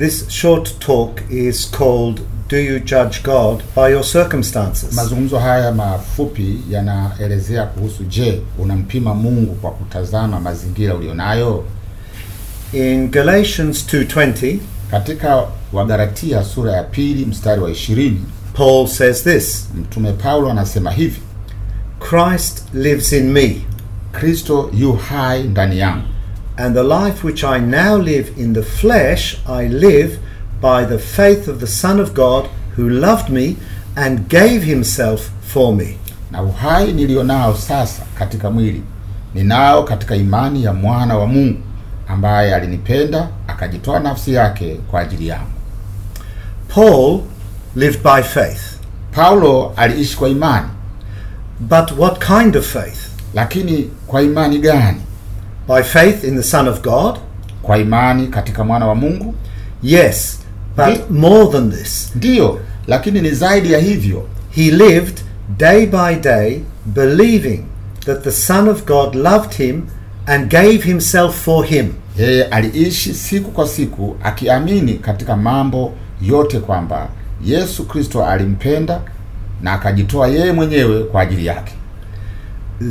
This short talk is called Do You Judge God by Your Circumstances? Mazungumzo haya mafupi yanaelezea kuhusu je, unampima Mungu kwa kutazama mazingira ulionayo? In Galatians 2:20, katika Wagalatia sura ya pili mstari wa 20, Paul says this. Mtume Paulo anasema hivi, Christ lives in me. Kristo yu hai ndani yangu. And the life which I now live in the flesh, I live by the faith of the Son of God who loved me and gave himself for me. Na uhai nilionao sasa katika mwili ninao katika imani ya mwana wa Mungu ambaye alinipenda akajitoa nafsi yake kwa ajili yangu. Paul lived by faith. Paulo aliishi kwa imani. But what kind of faith? Lakini kwa imani gani? by faith in the Son of God. Kwa imani katika mwana wa Mungu. Yes, but Di more than this. Ndiyo, lakini ni zaidi ya hivyo. He lived day by day believing that the Son of God loved him and gave himself for him. Yeye aliishi siku kwa siku akiamini katika mambo yote kwamba Yesu Kristo alimpenda na akajitoa yeye mwenyewe kwa ajili yake.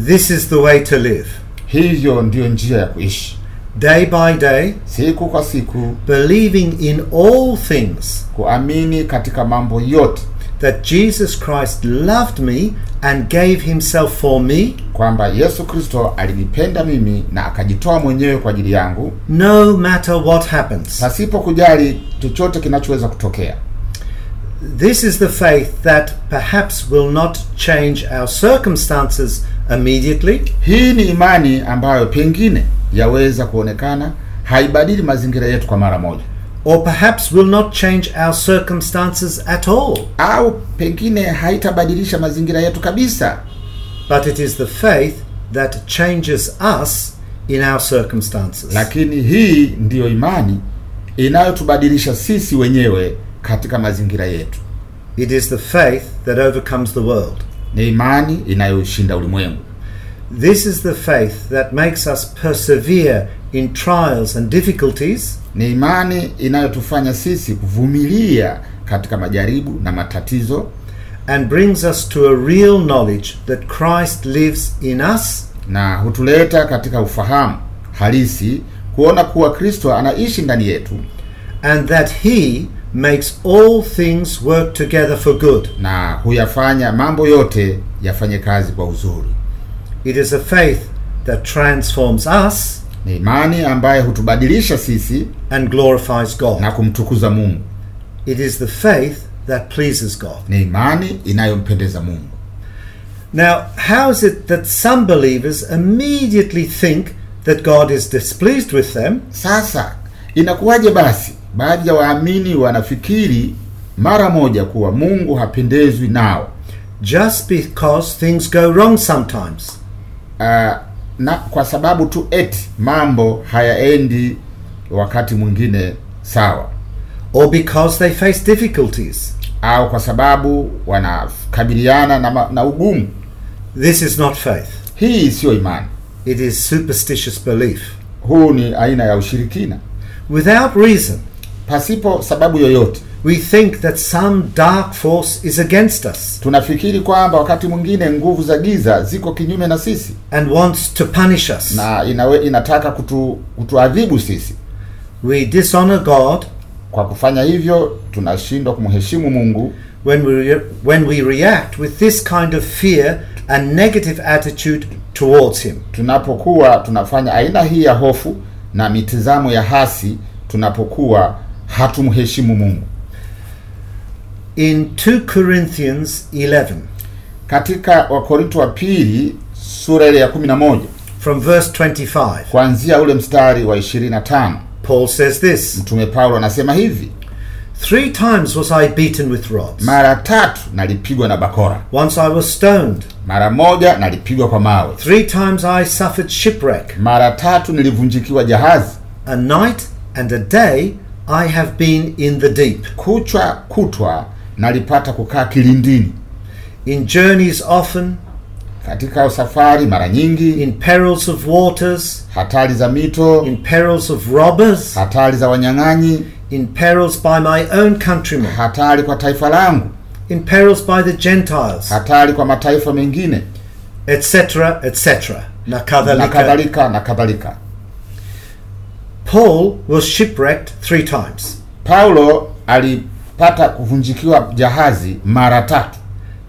This is the way to live. Hiyo ndiyo njia ya kuishi day by day, siku kwa siku, believing in all things, kuamini katika mambo yote, that Jesus Christ loved me and gave himself for me, kwamba Yesu Kristo alinipenda mimi na akajitoa mwenyewe kwa ajili yangu, no matter what happens, pasipo kujali chochote kinachoweza kutokea. This is the faith that perhaps will not change our circumstances immediately. Hii ni imani ambayo pengine yaweza kuonekana haibadili mazingira yetu kwa mara moja, or perhaps will not change our circumstances at all, au pengine haitabadilisha mazingira yetu kabisa, but it is the faith that changes us in our circumstances. Lakini hii ndiyo imani inayotubadilisha sisi wenyewe katika mazingira yetu. It is the faith that overcomes the world ni imani inayoshinda ulimwengu. This is the faith that makes us persevere in trials and difficulties. Ni imani inayotufanya sisi kuvumilia katika majaribu na matatizo and brings us to a real knowledge that Christ lives in us. Na hutuleta katika ufahamu halisi kuona kuwa Kristo anaishi ndani yetu and that he makes all things work together for good. Na huyafanya mambo yote yafanye kazi kwa uzuri. It is a faith that transforms us ni imani ambaye hutubadilisha sisi and glorifies God. na kumtukuza Mungu. It is the faith that pleases God. ni imani inayompendeza Mungu. Now, how is it that some believers immediately think that God is displeased with them? Sasa inakuwaje basi baadhi ya waamini wanafikiri mara moja kuwa Mungu hapendezwi nao just because things go wrong sometimes. Uh, na kwa sababu tu eti mambo hayaendi wakati mwingine sawa, or because they face difficulties, au kwa sababu wanakabiliana na, na ugumu. This is not faith. Hii siyo imani. It is superstitious belief. Huu ni aina ya ushirikina without reason pasipo sababu yoyote. We think that some dark force is against us tunafikiri kwamba wakati mwingine nguvu za giza ziko kinyume na sisi and wants to punish us. na inawe, inataka kutu, kutuadhibu sisi. We dishonor God kwa kufanya hivyo tunashindwa kumheshimu Mungu when we re, when we react with this kind of fear and negative attitude towards him. tunapokuwa tunafanya aina hii ya hofu na mitizamo ya hasi tunapokuwa hatumheshimu Mungu. In 2 Corinthians 11, katika Wakorinto wa pili sura ile ya 11 from verse 25, kuanzia ule mstari wa 25, Paul says this, mtume Paulo anasema hivi Three times was I beaten with rods. Mara tatu nalipigwa na bakora. Once I was stoned. Mara moja nalipigwa kwa mawe. Three times I suffered shipwreck. Mara tatu nilivunjikiwa jahazi. A night and a day I have been in the deep. Kuchwa kutwa nalipata kukaa kilindini. In journeys often, katika usafari mara nyingi. In perils of waters, hatari za mito. In perils of robbers, hatari za wanyang'anyi. In perils by my own countrymen, hatari kwa taifa langu. In perils by the Gentiles, hatari kwa mataifa mengine, etc etc, na kadhalika na kadhalika na kadhalika. Paul was shipwrecked three times. Paulo alipata kuvunjikiwa jahazi mara tatu.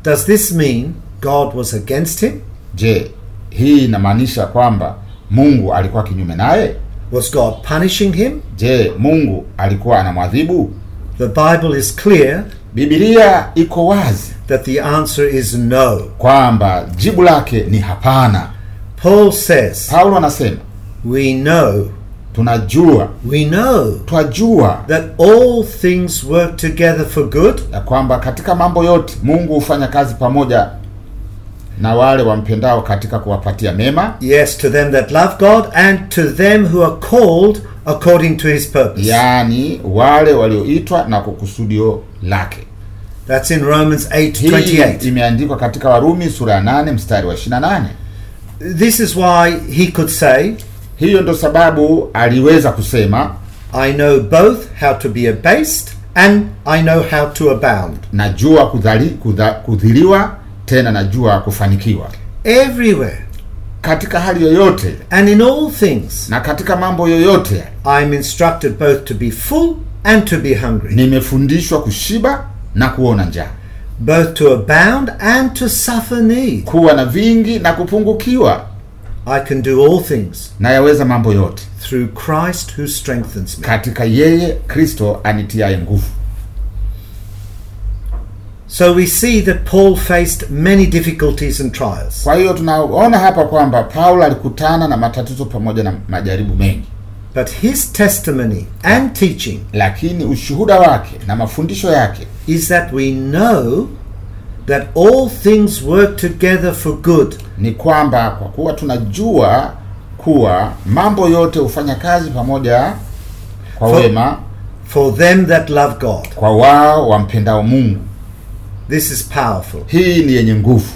Does this mean God was against him? Je, hii inamaanisha kwamba Mungu alikuwa kinyume naye? Was God punishing him? Je, Mungu alikuwa anamwadhibu? The Bible is clear. Biblia iko wazi. That the answer is no. Kwamba jibu lake ni hapana. Paul says. Paulo anasema. We know tunajua we know twajua that all things work together for good ya kwamba katika mambo yote mungu hufanya kazi pamoja na wale wampendao katika kuwapatia mema yes to them that love god and to them who are called according to his purpose yaani wale walioitwa na kukusudio lake That's in Romans 8:28. Imeandikwa katika Warumi sura ya 8 mstari wa 28. This is why he could say hiyo ndo sababu aliweza kusema I know both how to be abased and I know how to abound. Najua kudhali, kudha, kudhiliwa tena najua kufanikiwa. Everywhere. Katika hali yoyote. And in all things. Na katika mambo yoyote. I am instructed both to be full and to be hungry. Nimefundishwa kushiba na kuona njaa. Both to abound and to suffer need. Kuwa na vingi na kupungukiwa. I can do all things. Nayaweza mambo yote. Through Christ who strengthens me. Katika yeye Kristo anitiaye nguvu. So we see that Paul faced many difficulties and trials. Kwa hiyo tunaona hapa kwamba Paulo alikutana na matatizo pamoja na majaribu mengi. But his testimony and teaching, lakini ushuhuda wake na mafundisho yake, is that we know that all things work together for good, ni kwamba kwa kuwa tunajua kuwa mambo yote hufanya kazi pamoja kwa for, wema for them that love God, kwa wao wampendao Mungu. This is powerful. Hii ni yenye nguvu.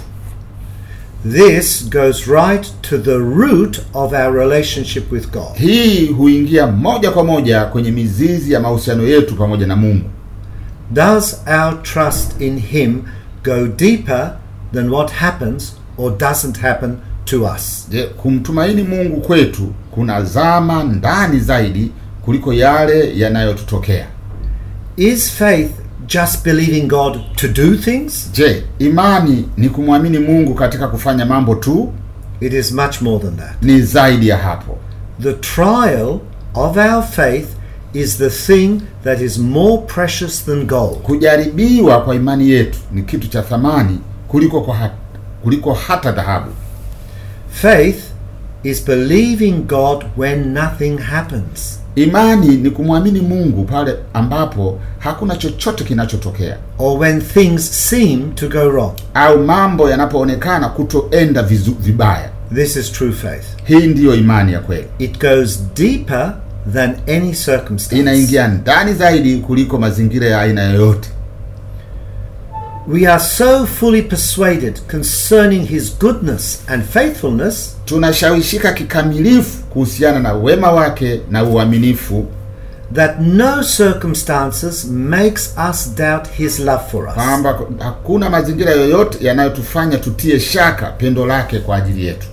This goes right to the root of our relationship with God. Hii huingia moja kwa moja kwenye mizizi ya mahusiano yetu pamoja na Mungu. Does our trust in him go deeper than what happens or doesn't happen to us. Je, kumtumaini Mungu kwetu kunazama ndani zaidi kuliko yale yanayotutokea. Is faith just believing God to do things? Je, imani ni kumwamini Mungu katika kufanya mambo tu? It is much more than that. Ni zaidi ya hapo. The trial of our faith is the thing that is more precious than gold. Kujaribiwa kwa imani yetu ni kitu cha thamani kuliko kwa hata, kuliko hata dhahabu. Faith is believing God when nothing happens. Imani ni kumwamini Mungu pale ambapo hakuna chochote kinachotokea. Or when things seem to go wrong. Au mambo yanapoonekana kutoenda vizu, vibaya. This is true faith. Hii ndiyo imani ya kweli. It goes deeper than any circumstance. Inaingia ndani zaidi kuliko mazingira ya aina yoyote. We are so fully persuaded concerning his goodness and faithfulness. Tunashawishika kikamilifu kuhusiana na wema wake na uaminifu that no circumstances makes us doubt his love for us. Kwamba hakuna mazingira yoyote yanayotufanya tutie shaka pendo lake kwa ajili yetu.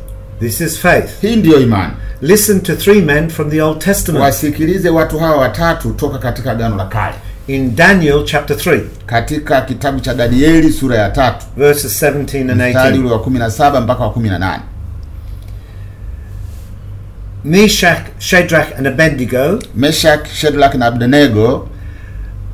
This is faith. Hii ndio imani. Listen to three men from the Old Testament. Wasikilize watu hawa watatu toka katika Agano la Kale. In Daniel chapter 3. Katika kitabu cha Danieli sura ya tatu. Verses 17 and 18. Mstari wa 17 mpaka wa 18. Meshach, Shadrach and Abednego. Meshach, Shadrach na Abednego.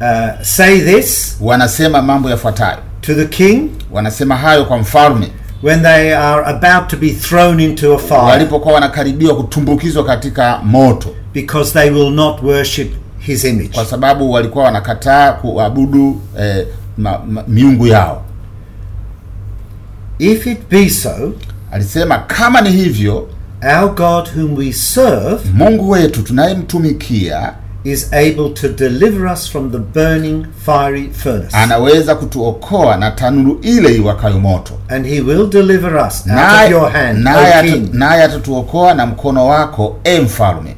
Uh, say this. Wanasema mambo yafuatayo. To the king. Wanasema hayo kwa mfalme when they are about to be thrown into a fire, walipokuwa wanakaribiwa kutumbukizwa katika moto, because they will not worship his image, kwa sababu walikuwa wanakataa kuabudu eh, ma, ma, miungu yao. If it be so, alisema kama ni hivyo, our God whom we serve, Mungu wetu tunayemtumikia is able to deliver us from the burning fiery furnace. Anaweza kutuokoa na tanuru ile iwakayo moto. And he will deliver us na, out of your hand, naye atatuokoa na mkono wako, e mfalme.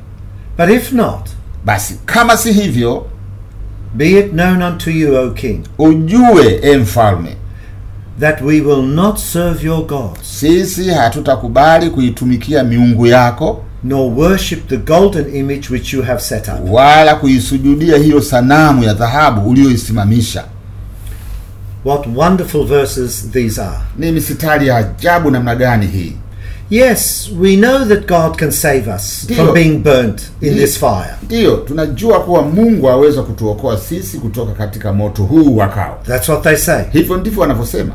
But if not, basi kama si hivyo, be it known unto you, O king, ujue e mfalme, that we will not serve your gods, sisi hatutakubali kuitumikia miungu yako nor worship the golden image which you have set up, wala kuisujudia hiyo sanamu ya dhahabu uliyoisimamisha. What wonderful verses these are! Ni misitari ya ajabu namna gani hii! Yes, we know that God can save us Dio, from being burnt in Dio, this fire. Ndiyo, tunajua kuwa Mungu aweza kutuokoa sisi kutoka katika moto huu wakao. That's what they say. Hivyo ndivyo wanavyosema.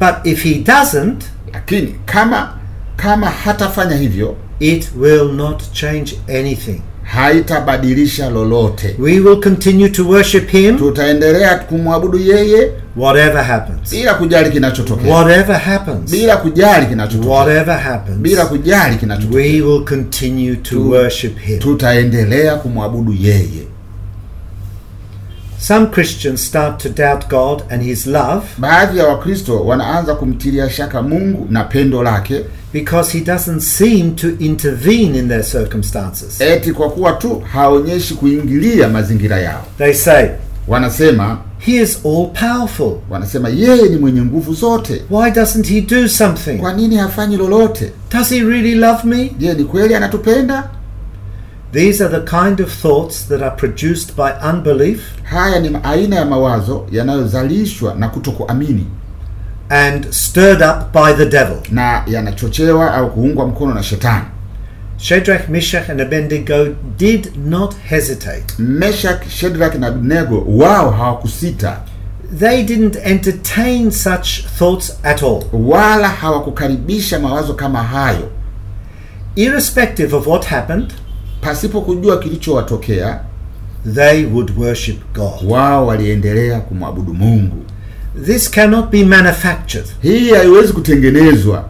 But if he doesn't, lakini kama kama hatafanya hivyo It will not change anything. Haitabadilisha lolote. We will continue to worship him. Tutaendelea kumwabudu yeye. Whatever happens. Bila kujali kinachotokea. Whatever happens. Bila kujali kinachotokea. Whatever happens. Bila kujali kinachotokea. We will continue to tu, worship him. Tutaendelea kumwabudu yeye. Some Christians start to doubt God and his love. because he doesn't seem to intervene in their circumstances. They say, He is all powerful. Wanasema yeye ni mwenye nguvu zote. Why doesn't he do something? Kwa nini hafanyi lolote? Does he really love me? Je, ni kweli anatupenda? These are the kind of thoughts that are produced by unbelief. Haya ni aina ya mawazo yanayozalishwa na kutokuamini. And stirred up by the devil. Na yanachochewa au kuungwa mkono na shetani. Shadrach, Meshach and Abednego did not hesitate. Meshach, Shadrach na Abednego wao hawakusita. They didn't entertain such thoughts at all. Wala hawakukaribisha mawazo kama hayo. Irrespective of what happened. pasipo kujua kilichowatokea, they would worship God. Wao waliendelea kumwabudu Mungu. This cannot be manufactured. Hii haiwezi kutengenezwa.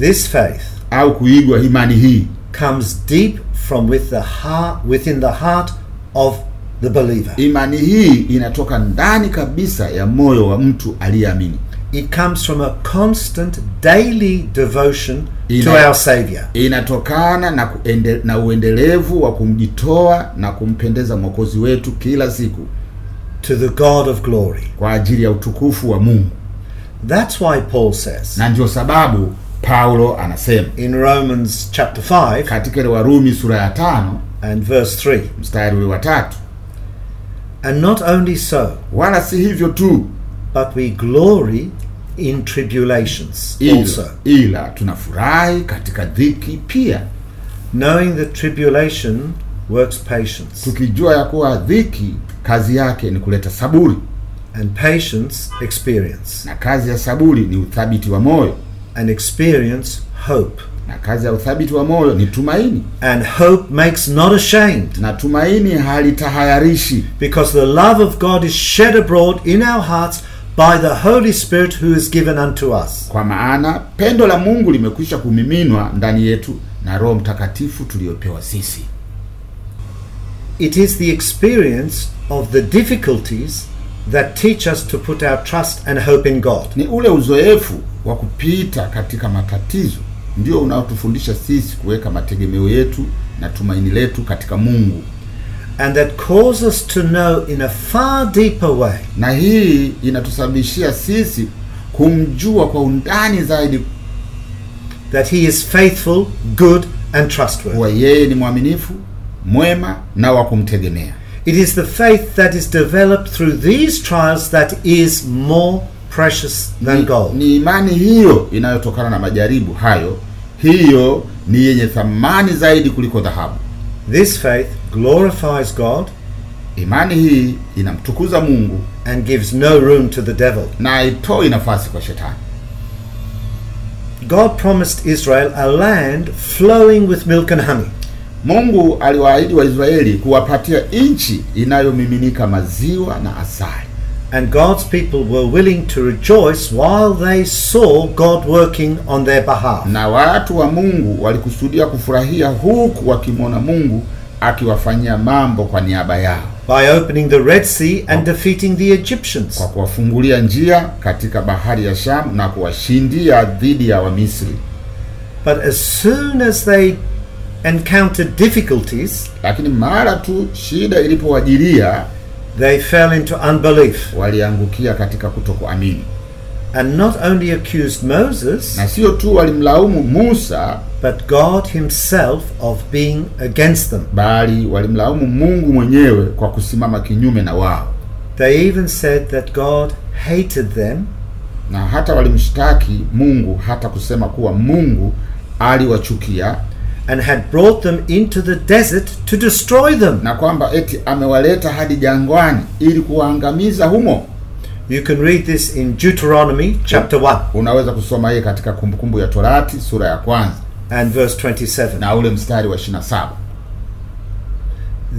This faith au kuigwa imani hii comes deep from with the heart, within the heart of the believer. Imani hii inatoka ndani kabisa ya moyo wa mtu aliyeamini. It comes from a constant daily devotion Ina, to our Savior. Inatokana na, kuende, na uendelevu wa kumjitoa na kumpendeza Mwokozi wetu kila siku. To the God of glory. Kwa ajili ya utukufu wa Mungu. That's why Paul says. Na ndio sababu Paulo anasema. In Romans chapter 5. Katika ile Warumi sura ya 5 and verse 3. Mstari wa 3. And not only so. Wala si hivyo tu but we glory in tribulations ila, also ila tunafurahi katika dhiki pia knowing that tribulation works patience tukijua ya kuwa dhiki kazi yake ni kuleta saburi and patience experience na kazi ya saburi ni uthabiti wa moyo and experience hope na kazi ya uthabiti wa moyo ni tumaini and hope makes not ashamed na tumaini halitahayarishi because the love of god is shed abroad in our hearts by the Holy Spirit who is given unto us. Kwa maana pendo la Mungu limekwisha kumiminwa ndani yetu na Roho Mtakatifu tuliyopewa sisi. It is the experience of the difficulties that teach us to put our trust and hope in God. Ni ule uzoefu wa kupita katika matatizo ndio unaotufundisha sisi kuweka mategemeo yetu na tumaini letu katika Mungu. And that calls us to know in a far deeper way. Na hii inatusababishia sisi kumjua kwa undani zaidi that he is faithful, good and trustworthy. yeye ni mwaminifu, mwema na wa kumtegemea. It is the faith that is developed through these trials that is more precious than ni, gold. Ni imani hiyo inayotokana na majaribu hayo, hiyo ni yenye thamani zaidi kuliko dhahabu. This faith glorifies God imani hii inamtukuza Mungu and gives no room to the devil na haitoi nafasi kwa shetani God promised Israel a land flowing with milk and honey Mungu aliwaahidi Waisraeli kuwapatia nchi inayomiminika maziwa na asali and God's people were willing to rejoice while they saw God working on their behalf. Na watu wa Mungu walikusudia kufurahia huku wakimwona Mungu akiwafanyia mambo kwa niaba yao by opening the Red Sea and defeating the Egyptians, kwa kuwafungulia njia katika bahari ya Shamu na kuwashindia dhidi ya Wamisri. But as soon as they encountered difficulties, lakini mara tu shida ilipowajilia, they fell into unbelief, waliangukia katika kutokuamini and not only accused Moses, na sio tu walimlaumu Musa, but God himself of being against them. Bali walimlaumu Mungu mwenyewe kwa kusimama kinyume na wao. They even said that God hated them. Na hata walimshtaki Mungu hata kusema kuwa Mungu aliwachukia and had brought them into the desert to destroy them. Na kwamba eti amewaleta hadi jangwani ili kuwaangamiza humo. You can read this in Deuteronomy chapter 1. Unaweza kusoma hii katika kumbukumbu ya Torati sura ya kwanza and verse 27. Na ule mstari wa 27.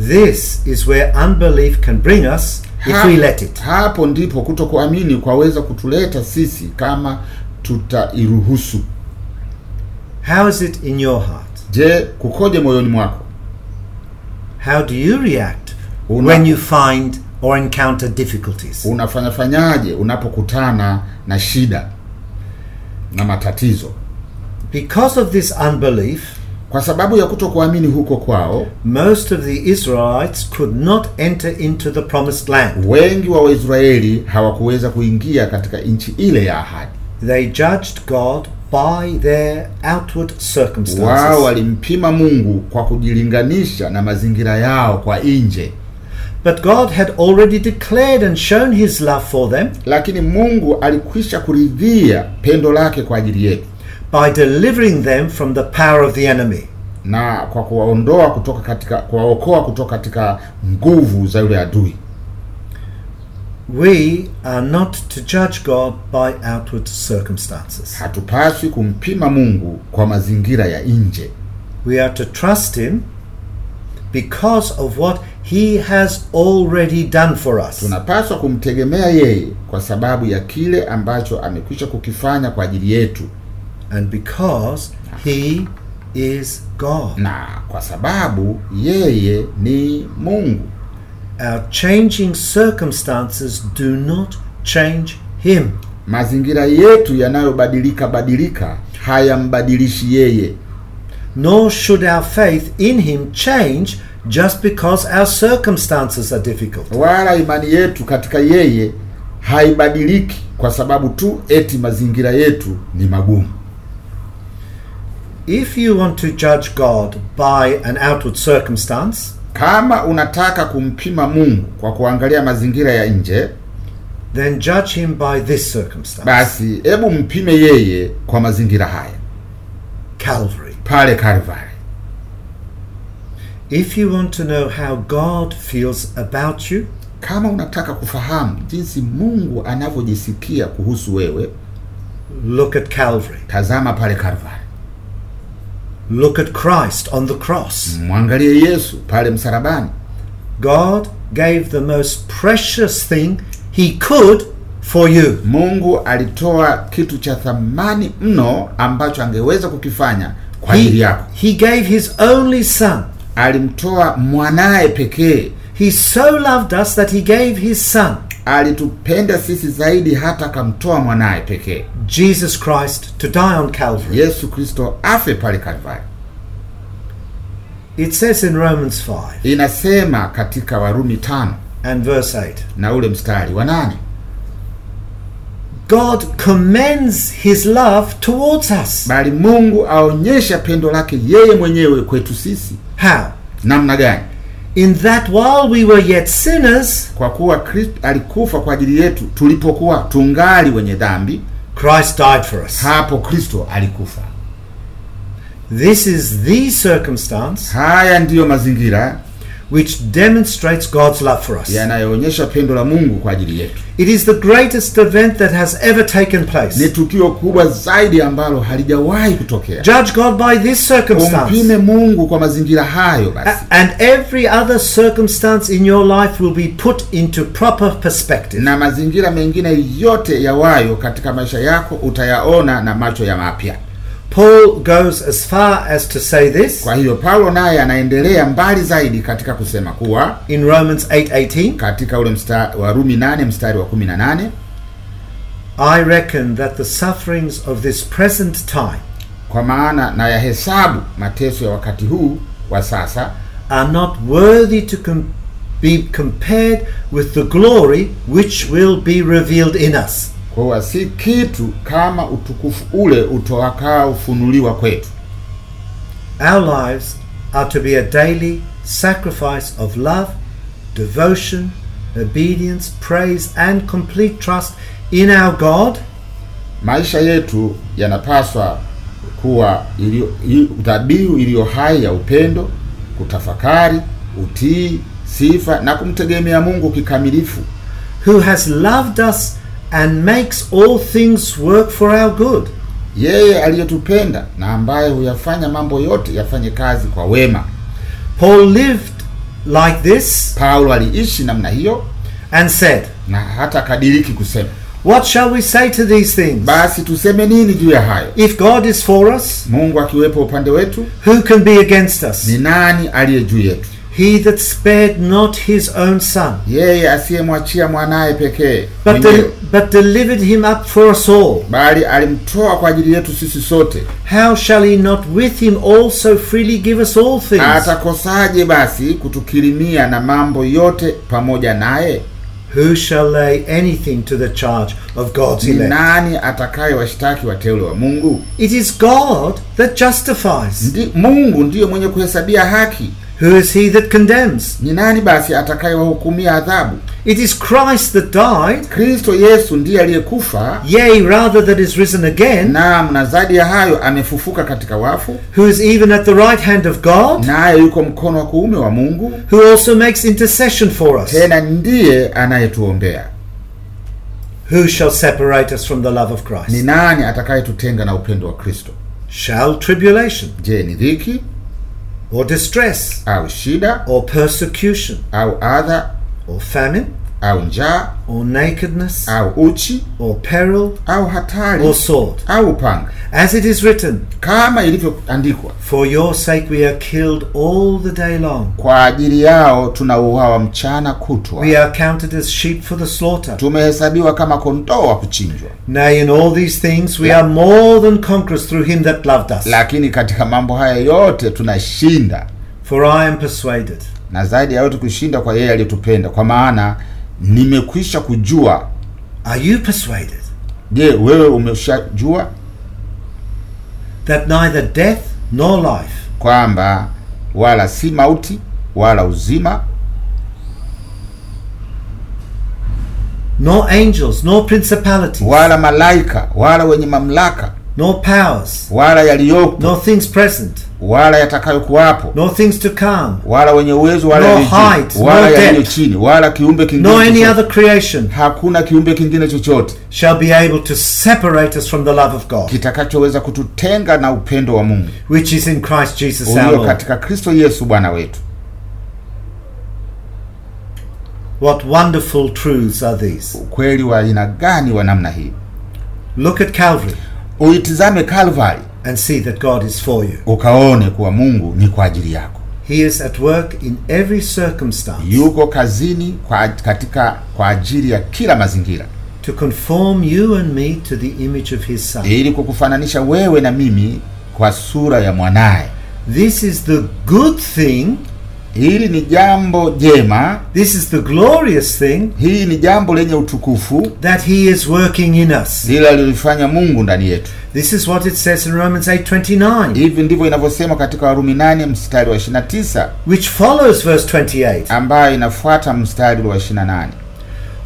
This is where unbelief can bring us if hapo, we let it. Hapo ndipo kutokuamini kwaweza kutuleta sisi kama tutairuhusu. How is it in your heart? Je, kukoje moyoni mwako? How do you react Una, when you find or encounter difficulties. Unafanyafanyaje unapokutana na shida na matatizo? Because of this unbelief, kwa sababu ya kutokuamini huko kwao, most of the Israelites could not enter into the promised land. Wengi wa Waisraeli hawakuweza kuingia katika nchi ile ya ahadi. They judged God by their outward circumstances. Wao walimpima Mungu kwa kujilinganisha na mazingira yao kwa nje. But God had already declared and shown his love for them. Lakini Mungu alikwisha kuridhia pendo lake kwa ajili yetu. By delivering them from the power of the enemy. Na kwa kuwaondoa kutoka katika kuwaokoa kutoka katika nguvu za yule adui. We are not to judge God by outward circumstances. Hatupaswi kumpima Mungu kwa mazingira ya nje. We are to trust him because of what he has already done for us. Tunapaswa kumtegemea yeye kwa sababu ya kile ambacho amekwisha kukifanya kwa ajili yetu. And because he is God. Na kwa sababu yeye ni Mungu. Our changing circumstances do not change him. Mazingira yetu yanayobadilika badilika hayambadilishi yeye. Nor should our faith in him change just because our circumstances are difficult. Wala imani yetu katika yeye haibadiliki kwa sababu tu eti mazingira yetu ni magumu. If you want to judge God by an outward circumstance, kama unataka kumpima Mungu kwa kuangalia mazingira ya nje, then judge him by this circumstance. Basi hebu mpime yeye kwa mazingira haya. Calvary. Pale Calvary. If you want to know how God feels about you, kama unataka kufahamu jinsi Mungu anavyojisikia kuhusu wewe, look at Calvary. Tazama pale Calvary. Look at Christ on the cross. Mwangalie Yesu pale msalabani. God gave the most precious thing he could for you. Mungu alitoa kitu cha thamani mno ambacho angeweza kukifanya kwa ajili yako. He gave his only son alimtoa mwanaye pekee he so loved us that he gave his son alitupenda sisi zaidi hata akamtoa mwanaye pekee jesus christ to die on calvary yesu kristo afe pale kalvari it says in romans 5 inasema katika warumi tano and verse 8 na ule mstari wa nane God commends his love towards us. Bali Mungu aonyesha pendo lake yeye mwenyewe kwetu sisi. How? Namna gani? In that while we were yet sinners, kwa kuwa Kristo alikufa kwa ajili yetu tulipokuwa tungali wenye dhambi, Christ died for us. Hapo Kristo alikufa. This is the circumstance. Haya ndiyo mazingira which demonstrates God's love for us. Yanayoonyesha pendo la Mungu kwa ajili yetu. It is the greatest event that has ever taken place. Ni tukio kubwa zaidi ambalo halijawahi kutokea. Judge God by this circumstance. Umpime Mungu kwa mazingira hayo basi. and every other circumstance in your life will be put into proper perspective. Na mazingira mengine yote yawayo katika maisha yako utayaona na macho ya mapya. Paul goes as far as to say this. Kwa hiyo Paulo naye anaendelea mbali zaidi katika kusema kuwa in Romans 8:18, katika ule mstari wa Rumi 8 mstari wa 18, I reckon that the sufferings of this present time, kwa maana na yahesabu mateso ya wakati huu wa sasa, are not worthy to com be compared with the glory which will be revealed in us kwa hiyo si kitu kama utukufu ule utowakao ufunuliwa kwetu. Our lives are to be a daily sacrifice of love, devotion, obedience, praise and complete trust in our God. Maisha yetu yanapaswa kuwa dhabihu iliyo hai ya upendo, kutafakari, utii, sifa na kumtegemea Mungu kikamilifu. Who has loved us and makes all things work for our good. Yeye aliyetupenda na ambaye huyafanya mambo yote yafanye kazi kwa wema. Paul lived like this. Paulo aliishi namna hiyo. And said, na hata kadiriki kusema What shall we say to these things? Basi tuseme nini juu ya hayo? If God is for us, Mungu akiwepo upande wetu, who can be against us? Ni nani aliye juu yetu? He that spared not his own son. Yeye asiyemwachia mwanaye pekee. But, del but delivered him up for us all. Bali alimtoa kwa ajili yetu sisi sote. How shall he not with him also freely give us all things? Atakosaje basi kutukirimia na mambo yote pamoja naye? Who shall lay anything to the charge of God's elect? nani atakaye washtaki wateule wa Mungu? It is God that justifies. Ndi, Mungu ndiyo mwenye kuhesabia haki. Who is he that condemns? Ni nani basi atakayewahukumia adhabu? It is Christ that died. Kristo Yesu ndiye aliyekufa. Yea, rather that is risen again. Naam, na zaidi ya hayo amefufuka katika wafu. Who is even at the right hand of God. Naye yuko mkono wa kuume wa Mungu. Who also makes intercession for us. Tena ndiye anayetuombea. Who shall separate us from the love of Christ? Ni nani atakayetutenga na upendo wa Kristo? Shall tribulation. Je, ni dhiki? or distress au shida or persecution au adha or famine au njaa or nakedness au uchi or peril au hatari or sword au upanga as it is written kama ilivyoandikwa for your sake we are killed all the day long kwa ajili yao tunauawa mchana kutwa we are counted as sheep for the slaughter tumehesabiwa kama kondoo wa kuchinjwa nay in all these things we La. are more than conquerors through him that loved us lakini katika mambo haya yote tunashinda for i am persuaded na zaidi ya yote kushinda kwa yeye aliyetupenda kwa maana nimekwisha kujua. Are you persuaded Je, wewe umeshajua that neither death nor life, kwamba wala si mauti wala uzima nor angels nor principalities, wala malaika wala wenye mamlaka nor powers, wala yaliyopo nor things present wala yatakayokuwapo no things to come wala wenye uwezo wala no height, wala no yaliyo chini wala kiumbe kingine no any other creation hakuna kiumbe kingine chochote shall be able to separate us from the love of God kitakachoweza kututenga na upendo wa Mungu which is in Christ Jesus our Lord katika Kristo Yesu Bwana wetu what wonderful truths are these ukweli wa aina gani wa namna hii look at Calvary uitizame Calvary and see that God is for you. Ukaone kuwa Mungu ni kwa ajili yako. He is at work in every circumstance. Yuko kazini kwa katika kwa ajili ya kila mazingira. To conform you and me to the image of his son. Ili kukufananisha wewe na mimi kwa sura ya mwanaye. This is the good thing Hili ni jambo jema. This is the glorious thing. Hii ni jambo lenye utukufu. That he is working in us. Lile alilifanya Mungu ndani yetu. This is what it says in Romans 8:29. Hivi ndivyo inavyosema katika Warumi 8 mstari wa 29. Which follows verse 28. Ambayo inafuata mstari wa 28.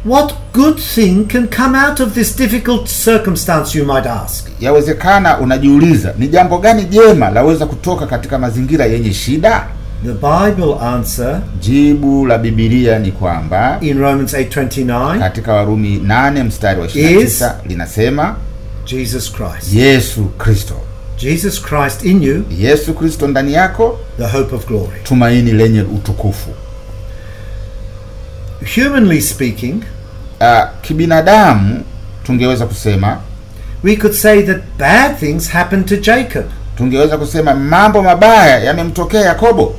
What good thing can come out of this difficult circumstance you might ask? Yawezekana unajiuliza, ni jambo gani jema laweza kutoka katika mazingira yenye shida? The Bible answer, jibu la Biblia ni kwamba in Romans 8:29, katika Warumi 8 mstari wa 29 linasema Jesus Christ, Yesu Kristo, Jesus Christ in you, Yesu Kristo ndani yako, the hope of glory, tumaini lenye utukufu. Humanly speaking, uh, kibinadamu tungeweza kusema we could say that bad things happened to Jacob, tungeweza kusema mambo mabaya yamemtokea Yakobo.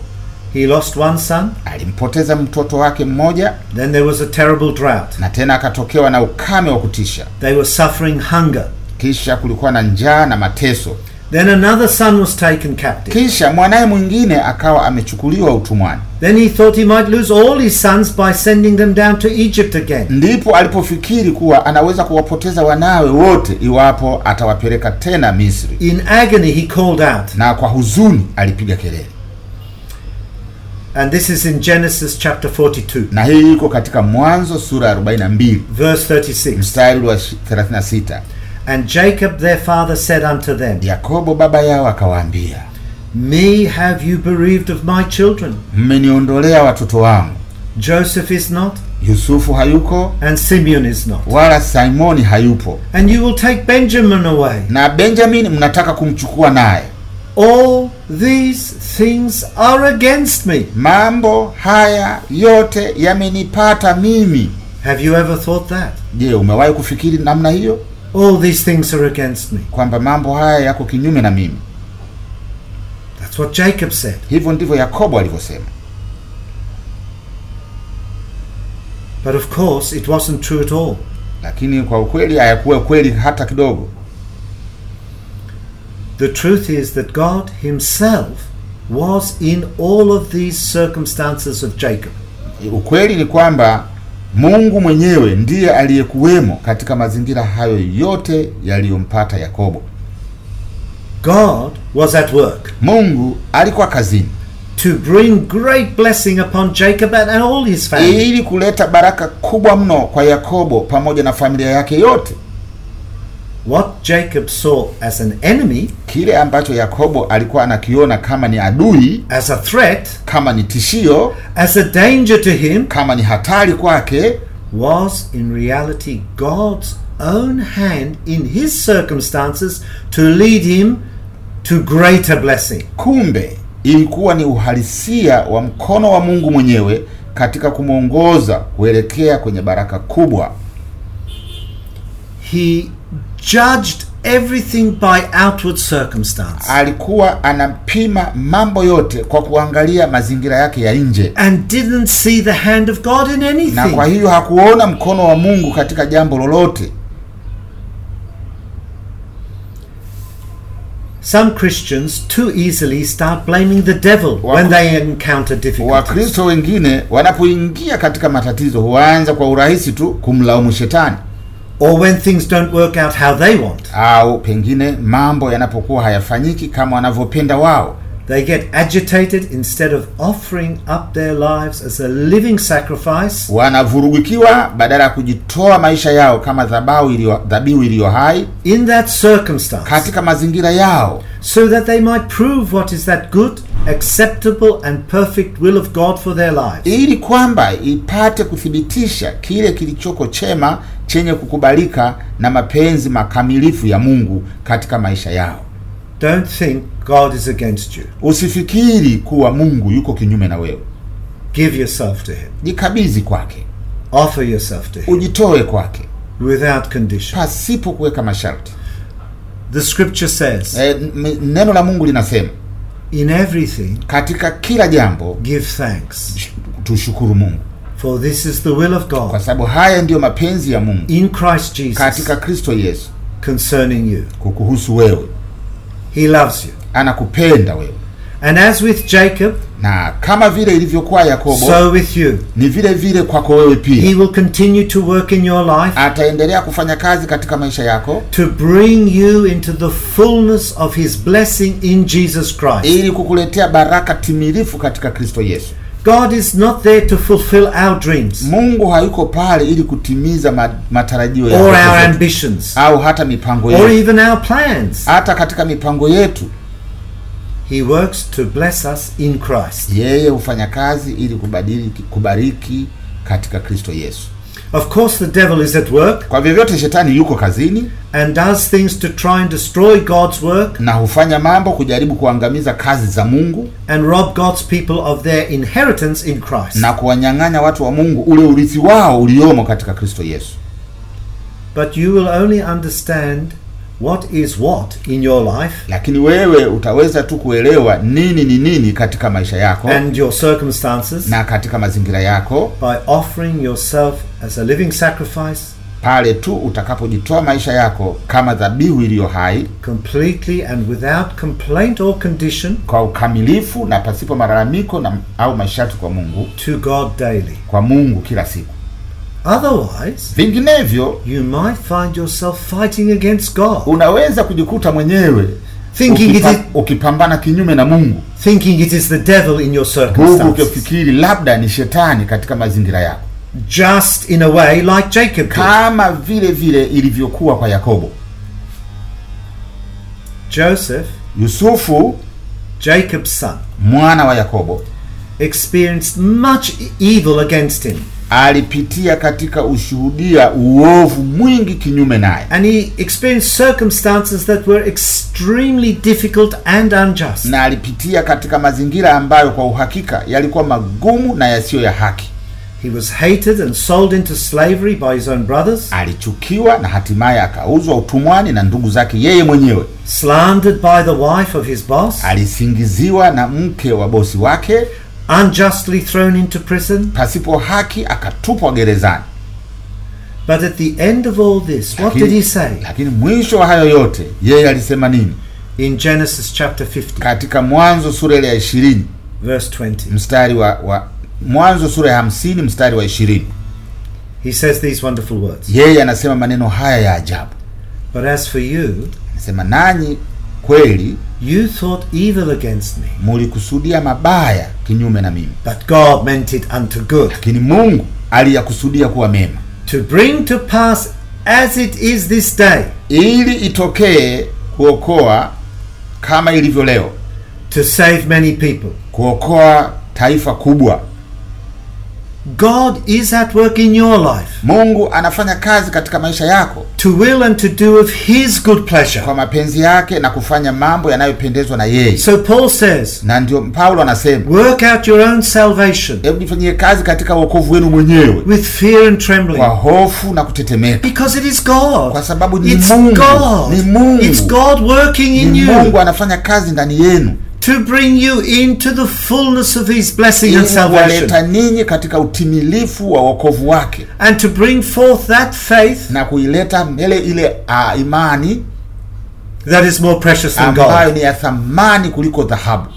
He lost one son. Alimpoteza mtoto wake mmoja. Then there was a terrible drought. Na tena akatokewa na ukame wa kutisha. They were suffering hunger. Kisha kulikuwa na njaa na mateso. Then another son was taken captive. Kisha mwanaye mwingine akawa amechukuliwa utumwani. Then he thought he might lose all his sons by sending them down to Egypt again. Ndipo alipofikiri kuwa anaweza kuwapoteza wanawe wote iwapo atawapeleka tena Misri. In agony he called out. Na kwa huzuni alipiga kelele. And this is in Genesis chapter 42. Na hii iko katika Mwanzo sura 42. Verse 36. Mstari wa 36. And Jacob their father said unto them. Yakobo baba yao akawaambia. Me have you bereaved of my children. Mmeniondolea watoto wangu. Joseph is not. Yusufu hayuko. And Simeon is not. Wala Simoni hayupo. And you will take Benjamin away. Na Benjamin mnataka kumchukua naye. All These things are against me. Mambo haya yote yamenipata mimi. Have you ever thought that? Je, umewahi kufikiri namna hiyo? All these things are against me. Kwamba mambo haya yako kinyume na mimi. That's what Jacob said. Hivyo ndivyo Yakobo alivyosema. But of course it wasn't true at all. Lakini kwa ukweli hayakuwa kweli hata kidogo. The truth is that God Himself was in all of these circumstances of Jacob. Ukweli ni kwamba Mungu mwenyewe ndiye aliyekuwemo katika mazingira hayo yote yaliyompata Yakobo. God was at work. Mungu alikuwa kazini to bring great blessing upon Jacob and all his family. Ili kuleta baraka kubwa mno kwa Yakobo pamoja na familia yake yote. What Jacob saw as an enemy, kile ambacho Yakobo alikuwa anakiona kama ni adui, as a threat, kama ni tishio, as a danger to him, kama ni hatari kwake, was in reality God's own hand in his circumstances to lead him to greater blessing. Kumbe ilikuwa ni uhalisia wa mkono wa Mungu mwenyewe katika kumwongoza kuelekea kwenye baraka kubwa. He judged everything by outward circumstance. Alikuwa anapima mambo yote kwa kuangalia mazingira yake ya nje. And didn't see the hand of God in anything. Na kwa hiyo hakuona mkono wa Mungu katika jambo lolote. Some Christians too easily start blaming the devil Waku, when they encounter difficulties. Wakristo wengine wanapoingia katika matatizo huanza kwa urahisi tu kumlaumu shetani or when things don't work out how they want, au pengine mambo yanapokuwa hayafanyiki kama wanavyopenda wao they get agitated instead of offering up their lives as a living sacrifice wanavurugikiwa badala ya kujitoa maisha yao kama dhabihu iliyo hai in that circumstance katika mazingira yao so that they might prove what is that good, acceptable and perfect will of God for their lives. Ili kwamba ipate kuthibitisha kile kilichoko chema chenye kukubalika na mapenzi makamilifu ya Mungu katika maisha yao. Don't think God is against you. Usifikiri kuwa Mungu yuko kinyume na wewe. Give yourself to him. Jikabidhi kwake. Offer yourself to him. Ujitoe kwake. Without condition. Pasipo kuweka masharti. The scripture says, eh, neno la Mungu linasema in everything, katika kila jambo give thanks, tushukuru Mungu for this is the will of God, kwa sababu haya ndiyo mapenzi ya Mungu in Christ Jesus, katika Kristo Yesu concerning you, kukuhusu wewe. He loves you, anakupenda wewe. And as with Jacob, na kama vile ilivyokuwa Yakobo, so with you, ni vile vile kwako wewe pia. He will continue to work in your life, ataendelea kufanya kazi katika maisha yako, to bring you into the fullness of his blessing in Jesus Christ, ili kukuletea baraka timilifu katika Kristo Yesu. God is not there to fulfill our dreams. Mungu hayuko pale ili kutimiza matarajio yetu, or our ambitions, au hata mipango yetu, or even our plans, hata katika mipango yetu He works to bless us in Christ. Yeye hufanya kazi ili kubariki, kubariki katika Kristo Yesu. Of course the devil is at work. Kwa vyovyote shetani yuko kazini and does things to try and destroy God's work. Na hufanya mambo kujaribu kuangamiza kazi za Mungu and rob God's people of their inheritance in Christ. Na kuwanyang'anya watu wa Mungu ule urithi wao uliomo katika Kristo Yesu. But you will only understand what is what in your life, lakini wewe utaweza tu kuelewa nini ni nini katika maisha yako and your circumstances, na katika mazingira yako by offering yourself as a living sacrifice, pale tu utakapojitoa maisha yako kama dhabihu iliyo hai completely and without complaint or condition, kwa ukamilifu na pasipo malalamiko na au masharti kwa Mungu, to God daily, kwa Mungu kila siku. Otherwise, vinginevyo you might find yourself fighting against God. Unaweza kujikuta mwenyewe thinking ukipa, it is, ukipambana kinyume na Mungu. Thinking it is the devil in your circumstances. ukifikiri labda ni shetani katika mazingira yako. Just in a way like Jacob. Kama vile vile ilivyokuwa kwa Yakobo. Joseph, Yusufu, Jacob's son, mwana wa Yakobo, experienced much e- evil against him alipitia katika ushuhudia uovu mwingi kinyume naye and he experienced circumstances that were extremely difficult and unjust na alipitia katika mazingira ambayo kwa uhakika yalikuwa magumu na yasiyo ya haki he was hated and sold into slavery by his own brothers alichukiwa na hatimaye akauzwa utumwani na ndugu zake yeye mwenyewe slandered by the wife of his boss alisingiziwa na mke wa bosi wake unjustly thrown into prison, pasipo haki akatupwa gerezani. But at the end of all this, what lakini, did he say? Lakini mwisho wa hayo yote yeye alisema nini? In Genesis chapter 50. Katika Mwanzo sura ya 20. Verse 20. Mstari wa, wa Mwanzo sura ya 50 mstari wa 20. He says these wonderful words. Yeye anasema maneno haya ya ajabu. But as for you, anasema nanyi kweli you thought evil against me, mulikusudia mabaya kinyume na mimi, but God meant it unto good, lakini Mungu aliyakusudia kuwa mema, to bring to pass as it is this day, ili itokee kuokoa kama ilivyo leo, to save many people, kuokoa taifa kubwa God is at work in your life. Mungu anafanya kazi katika maisha yako. To will and to do of his good pleasure. Kwa mapenzi yake na kufanya mambo yanayopendezwa na yeye. So Paul says. Na ndio Paulo anasema. Work out your own salvation. Hebu nifanyie kazi katika wokovu wenu mwenyewe. With fear and trembling. Kwa hofu na kutetemeka. Because it is God. Kwa sababu ni It's Mungu. God. Ni Mungu. It's God working in you. Mungu anafanya kazi ndani yenu to bring you into the fullness of his blessing and salvation ninyi katika utimilifu wa wokovu wake and to bring forth that faith na kuileta mbele ile uh, imani that is more precious than ambayo ni ya thamani kuliko dhahabu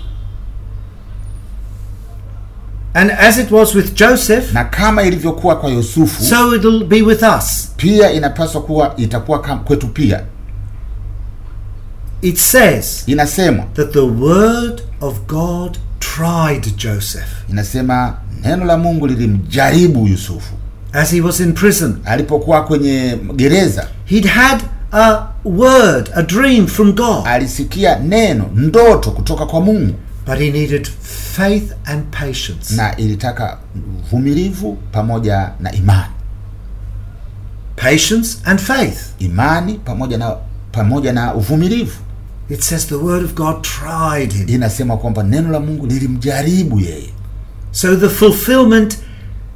And as it was with Joseph, na kama ilivyokuwa kwa Yusufu, so it'll be with us. Pia inapaswa kuwa itakuwa kwetu pia. It says inasema that the word of God tried Joseph. Inasema neno la Mungu lilimjaribu Yusufu. As he was in prison. Alipokuwa kwenye gereza. He'd had a word, a dream from God. Alisikia neno, ndoto kutoka kwa Mungu. But he needed faith and patience. Na ilitaka uvumilivu pamoja na imani. Patience and faith. Imani pamoja na pamoja na uvumilivu. It says the word of God tried him. Inasema kwamba neno la Mungu lilimjaribu yeye. So the fulfillment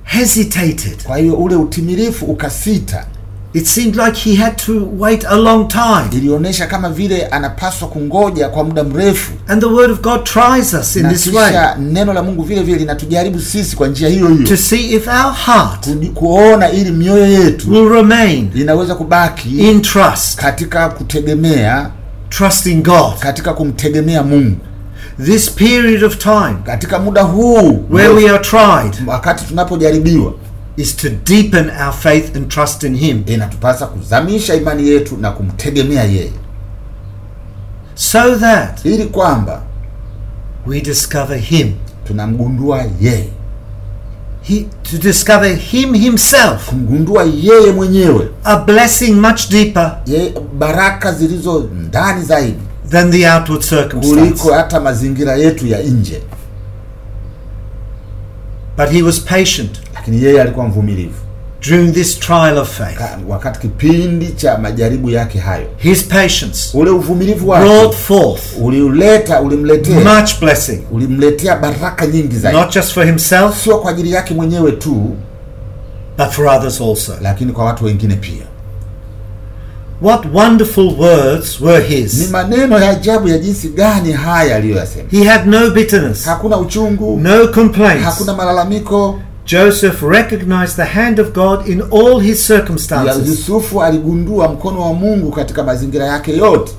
hesitated. Kwa hiyo ule utimilifu ukasita. It seemed like he had to wait a long time. Ilionyesha kama vile anapaswa kungoja kwa muda mrefu. And the word of God tries us in this way. Na neno la Mungu vile vile linatujaribu sisi kwa njia hiyo hiyo. To see if our heart kuona ili mioyo yetu will remain inaweza kubaki in trust katika kutegemea trusting God, katika kumtegemea Mungu this period of time, katika muda huu where we are tried, wakati tunapojaribiwa is to deepen our faith and trust in him, inatupasa kuzamisha imani yetu na kumtegemea yeye, so that, ili kwamba we discover him, tunamgundua yeye He, to discover him himself, kumgundua yeye mwenyewe, a blessing much deeper, ye, baraka zilizo ndani zaidi than the outward kuliko hata mazingira yetu ya nje. But he was patient, lakini yeye alikuwa mvumilivu during this trial of faith, ah, wakati kipindi cha majaribu yake hayo, his patience, ule uvumilivu wake brought forth, uliuleta ulimletea much blessing, ulimletea baraka nyingi zaidi, not just for himself, sio kwa ajili yake mwenyewe tu, but for others also, lakini kwa watu wengine pia. What wonderful words were his. Ni maneno ya ajabu ya jinsi gani haya aliyoyasema. He had no bitterness. Hakuna uchungu. No complaints. Hakuna malalamiko. Joseph recognized the hand of God in all his circumstances. Yusufu aligundua mkono wa Mungu katika mazingira yake yote.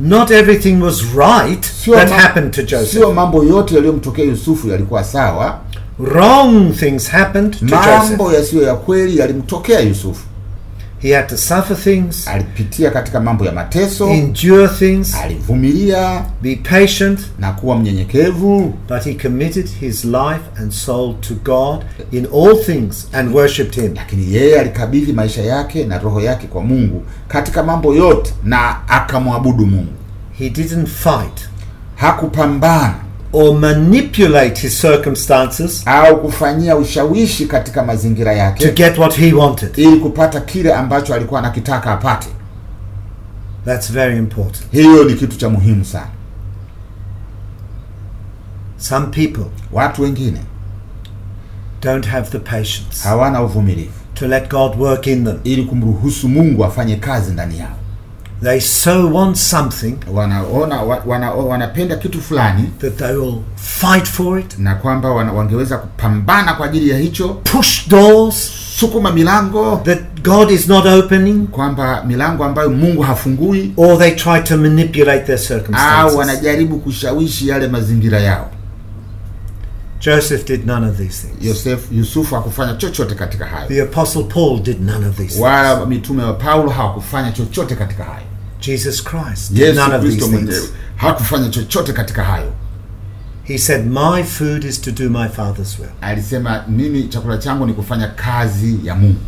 Not everything was right sio that happened to Joseph. Sio mambo yote yaliyomtokea Yusufu yalikuwa sawa. Wrong things happened to Joseph. Mambo yasiyo ya kweli yalimtokea Yusufu. He had to suffer things, alipitia katika mambo ya mateso, endure things, alivumilia, be patient, na kuwa mnyenyekevu, but he committed his life and soul to God in all things and worshiped him. Lakini yeye alikabidhi maisha yake na roho yake kwa Mungu katika mambo yote na akamwabudu Mungu. He didn't fight, hakupambana or manipulate his circumstances au kufanyia ushawishi katika mazingira yake to get what he wanted ili kupata kile ambacho alikuwa anakitaka apate that's very important hiyo ni kitu cha muhimu sana some people watu wengine don't have the patience hawana uvumilivu to let god work in them ili kumruhusu mungu afanye kazi ndani yao They so want something wanaona wana, wanapenda kitu fulani that they will fight for it, na kwamba wangeweza kupambana kwa ajili ya hicho. Push doors, sukuma milango that God is not opening, kwamba milango ambayo Mungu hafungui. Or they try to manipulate their circumstances, au wanajaribu kushawishi yale mazingira yao. Joseph did none of these things. Yosef, Yusufu hakufanya chochote katika hayo. The apostle Paul did none of these Wala mitume wa Paulo hawakufanya chochote katika hayo. Jesus Christ Yesu Kristo mwenyewe hakufanya chochote katika hayo. He said my food is to do my father's will. Alisema mimi chakula changu ni kufanya kazi ya Mungu.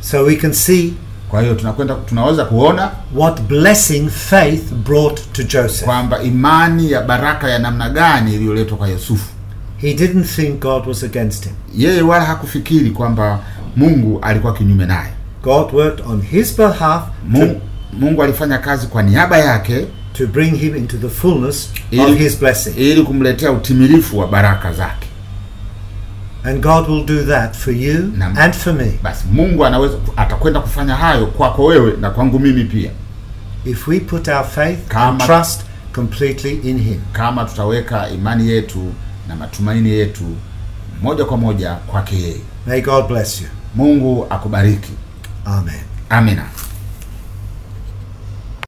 So we can see kwa hiyo tunakwenda tunaweza kuona what blessing faith brought to Joseph, kwamba imani ya baraka ya namna gani iliyoletwa kwa Yusufu. He didn't think God was against him. Yeye wala hakufikiri kwamba Mungu alikuwa kinyume naye. God worked on his behalf Mungu, Mungu alifanya kazi kwa niaba yake to bring him into the fullness ili, of his blessing ili kumletea utimilifu wa baraka zake. And God will do that for you na, and for me. Basi Mungu anaweza atakwenda kufanya hayo kwako wewe na kwangu mimi pia. If we put our faith kama, and trust completely in him. Kama tutaweka imani yetu na matumaini yetu moja kwa moja kwake yeye. May God bless you. Mungu akubariki. Amén. Amén.